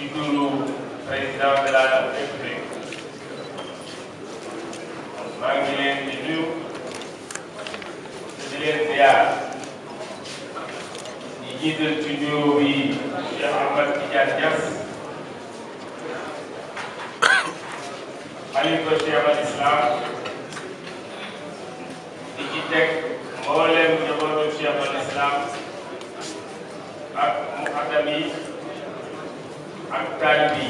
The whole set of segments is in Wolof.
ci dundu président de la république maa ngi leen di nuyu di leen ziar di jiital ci nuyoo bi Cheikh Ahmad Tidiane Niass xalifa Cheikh al Islam di ci teg mboolem njabootu Cheikh al Islam ak muqaddam yi ak taalibe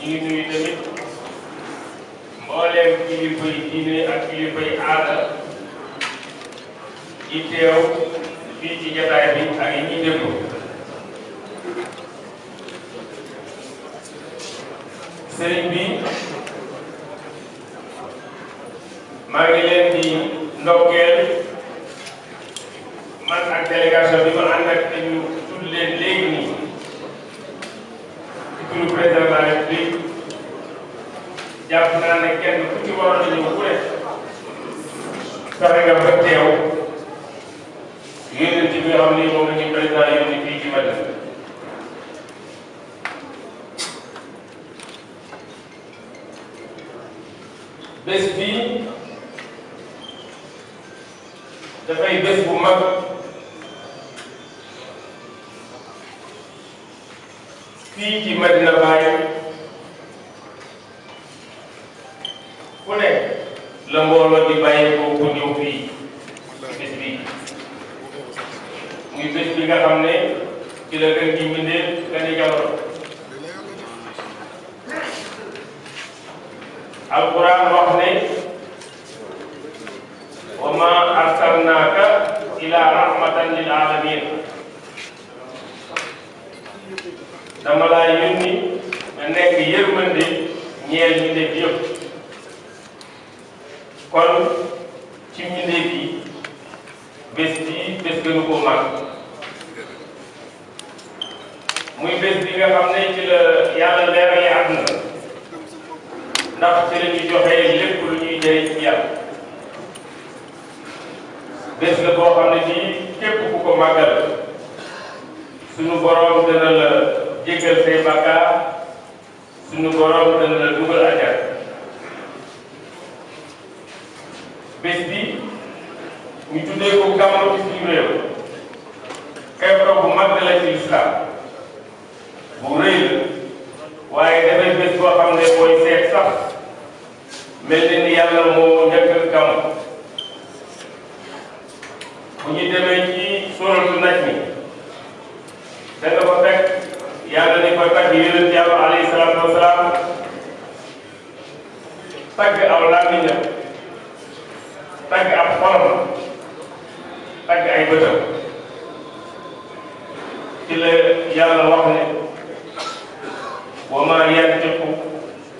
yi ñu ngi nuyu tamit mbooleem kilifa yi diine ak kilifa yi aada di teew fii ci jataay bi ak yi ñuy déglu sëriñ bi maa ngi leen di ndokkeel man ak délégation bi ma ànd ak ne kenn ku ci waroon a ne fexe nga ba teew yéen ci bi nga ni moom la ñu président yónni fii ci Madina bés bii dafay bés bàyyi ko bu ñëw fii bés bi muy bés bi nga xam ne ci la gën gi mbindee gën a jamono alquran wax wa ma arsalnaaka ila rahmatan lil alamin dama laa yónni nga nekk yërmande ñeel ñu def yëpp kon ci mbindeef yi bés bi bés gënu koo mag muy bés bi nga xam ne ci la yàlla leerale àdduna ndax ci la ñu joxe lépp lu ñuy jëriñ ci yàlla bés la boo xam ne nii képp ku ko màggal suñu borom dana la jéggal say bàkkaar suñu borom dana la dugal àjjana bés bi ñu tuddee ko gàmmu ci suñu réew xew-xew bu mag la ci islam bu rëy la waaye dafay bés boo xam ne mooy seet sax mel na ni yàlla moo njëkk gàmmu bu ñu demee ci suratu naj mi da nga ko fekk yàlla ni koy tagg yonent yàlla alayhi salaatu wasalaam tagg aw làmmiñam tagg ab xolam tagg ay bëtam ci la yàlla wax ne wa ma yantiqu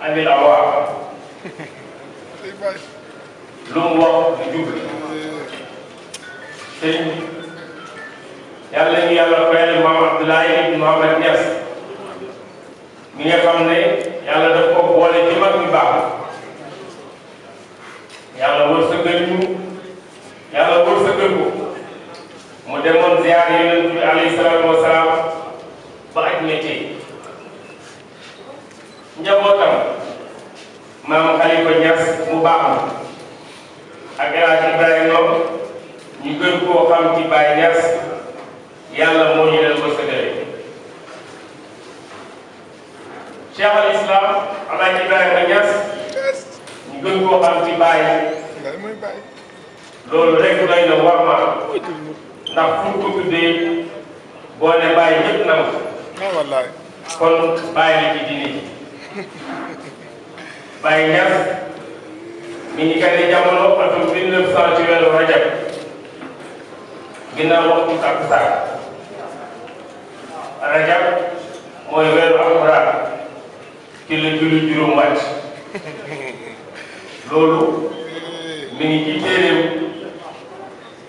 anil awaa lu mu wax di jublu te yàlla ñu yàlla fayal maam Abdoulaye ibn Mohamed Niass mi nga xam ne ko boole ci mag ñu baax yàlla wërsëgal ñu yàlla wërsëgal ko mu demoon ziyaare yonent bi alayhi salaatu wa salaam ba aj métier njabootam maam Khalifa Niass mu baax ma ak El Hadj Ibrahima ñu gën koo xam ci Baye Niass yàlla moo ñu leen wërsëgale Cheikh al Islam El Hadj Ibrahima Niass gën koo xam ci bàyyi loolu rek doy na war ma ndax pour ko tuddee boo ne bàyyi ñëpp na ma kon bàyyi la ci diine bàyyi ñaar mi ngi gane jamono atum 1900 ci weeru rajab ginnaaw waxtu takkusaan rajab mooy weeru alxuraan ci la julli juróom loolu mi ngi ci téeréem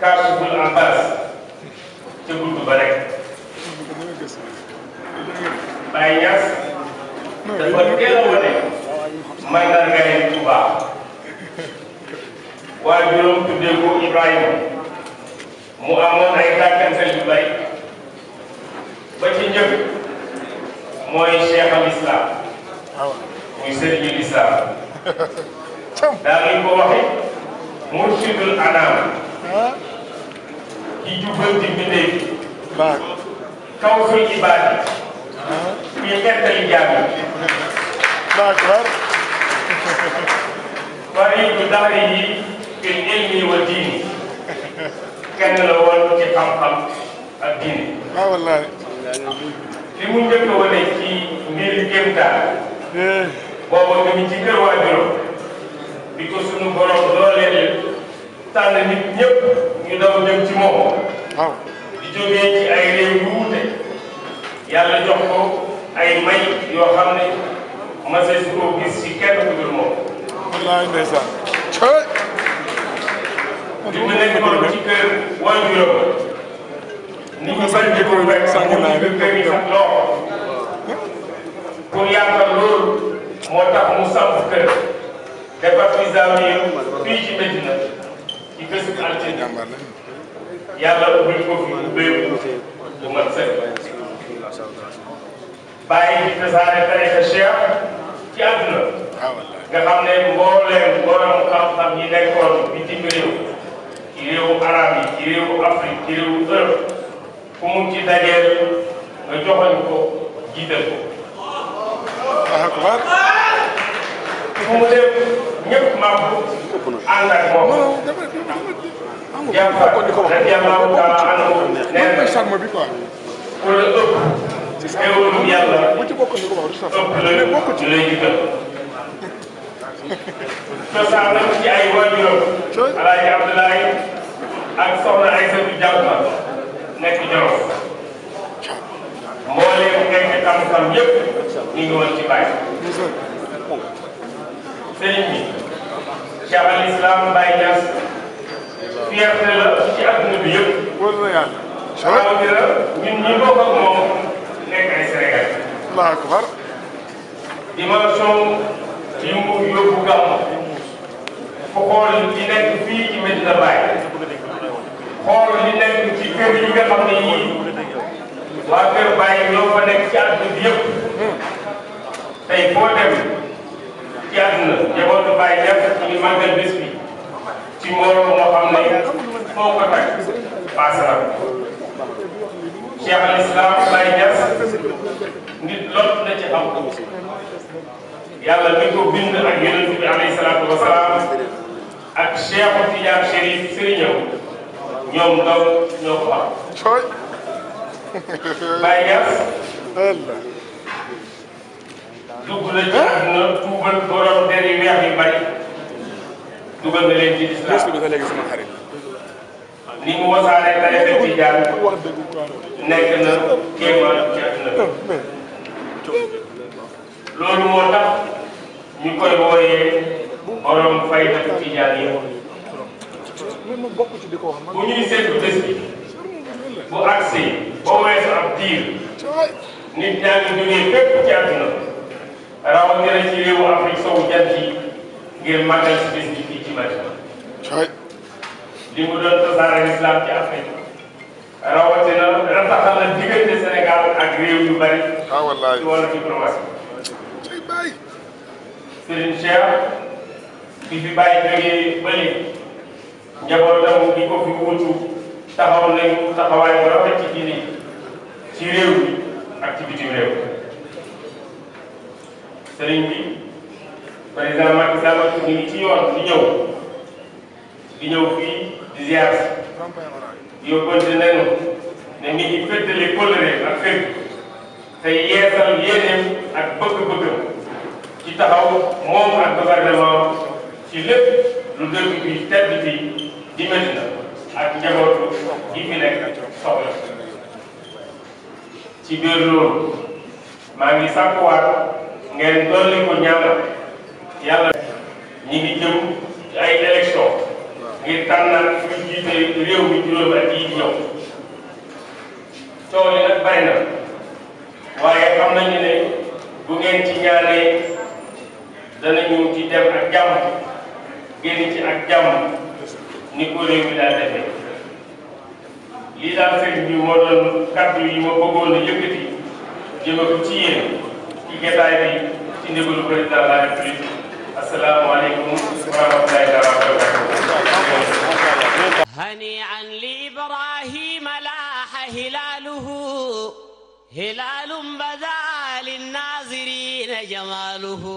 Kaashiful Abaas ca gudd ba rek Baye Niass dafa teel a wane mandarga yi Tuuba waa juróom tuddee ko Ibrahima mu amoon ay dàkkantal yu bari ba ci njëkk mooy Cheikh al Islam muy sëriñu Islam daa ngi ko waxee mursidul anam ci jubbanti mbindeef kawsul ibaadi kuy xettali jaam yi fariidu dahrihi fil ilmi wa diini kenn la woon ci xam-xam ak diine li mu njëkk a wane ci mbir kéemtaan boobu tamit ci kër waa bi ko sunu borom dooleel tànn nit ñëpp ñu daw jëm ci moom. waaw di jógee ci ay réew yu wuute yàlla ay may yoo xam ne masees koo gis ci kenn ku dul moom. wallaahi ndeysaan. di mu nekkoon ci kër waajuram nit ñi bañ di ko wér sax ñu ngi kër yi sax lool pour yaatal loolu moo tax mu samp kër. defar Nizamiya fii ci Medina ci bésub altine yàlla ubbil ko fi ubbeeku bu mat sëkk bàyyi ci tasaare tarixa Cheikh ci àdduna nga xam ne mbooleem borom xam-xam yi nekkoon bitim réew ci réewu arab yi ci réewu Afrique ci réewu Europe fu mu ci dajeel nga joxoñ ko jiital ko. fu mu dem ñëpp maa ko ànd ak moom. yàlla na yàlla na yàlla sarma bi quoi. pour le ëpp. teewul yàlla ëpp la lay gën. cosaan nag ci ay waajuram. Alaaji Abdoulaye ak Soxna Aïssatou Diallo nekk Jolof. mbooleem nekk tam-tam yëpp ñu ngi woon ci bàyyi. sëriñ bi Cheikh al Islam Baye Niass fierté la ci adduna bi yëpp. rawatina ñun ñi bokk ak moom nekk ay Sénégal. Allahu akbar. dimension yi mu yóbbu gàmm. fu xool li nekk fii ci Medina Baye. xool li nekk ci kër yi nga xam ne yii waa kër Baye ñoo fa nekk ci adduna bi yëpp. tey boo dem. ci àdduna jabootu Baay ñàkk ci ñu màggal bés bi ci mbooloo moo xam ne foo ko takk paase la Cheikh al Islam Baay Ñas nit lot na ci xam yàlla mi ko bind ak yonent bi alayhi salaatu wa salaam ak Cheikh Tidiane Chérif sëriñam ñoom ndaw ñoo ko xam Baay Ñas dugg la ci àdduna tuubal borom der yi weex yu bari dugal nga leen ci lislaam ni mu wasaaree tariixa tijaan nekk na kéemaan ci àdduna bi loolu moo tax ñu koy wooyee borom fayda tijaan yi bu ñuy seetlu bés bi bu agsi ba weesu ab diir nit ñaa ngi jógee fépp ci àdduna rawatina ci réewu Afrique sowu jant yi ngir màggal si bés bi fii ci Madina li mu doon tasaare islam ci Afrique rawatina rataxal na diggante Sénégal ak réew yu bari ah, ci wàllu diplomatie Serigne Cheikh bi fi bàyyi jógee ba léegi njabootam di ko fi wutu taxaw nañu taxawaay bu rafet ci ci réew bi ak ci sëriñ bi président Macky Sall ñu ngi ñëw di ñëw fii di ziar yóbbante nañu ne mi ngi féetale kóllëre ak te yeesal yéeneem ak bëgg-bëggam ci taxaw moom ak gouvernement ci lépp lu bi tedd bi di Medina ak njabootu gi fi ci biir loolu maa ngi ngeen dolli ko ñaanal yàlla ñi ngi jëm ci ay élection ngir tànnal ñu jiite réew mi juróomi at yii di ñëw coow li nag bari na waaye xam nañu ne bu ngeen ci ñaanee danañu ci ak jàmm génn ci ak jàmm ni ko réew mi daal defee lii daal sëñ bi moo doon kàddu yi ma bëggoon a yëkkati jëme ko ci yéen ci jotaay ci ndigalu président de la république asalaamaaleykum wa rahmatulahi wa barakatuh hani'an li ibrahima laaha hilaluhu hilalun bada linnazirin jamaluhu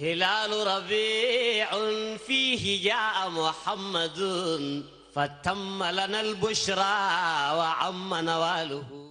hilalu rabi'un fihi jaa muhammadun fatamma lana albushra wa amma nawaluhu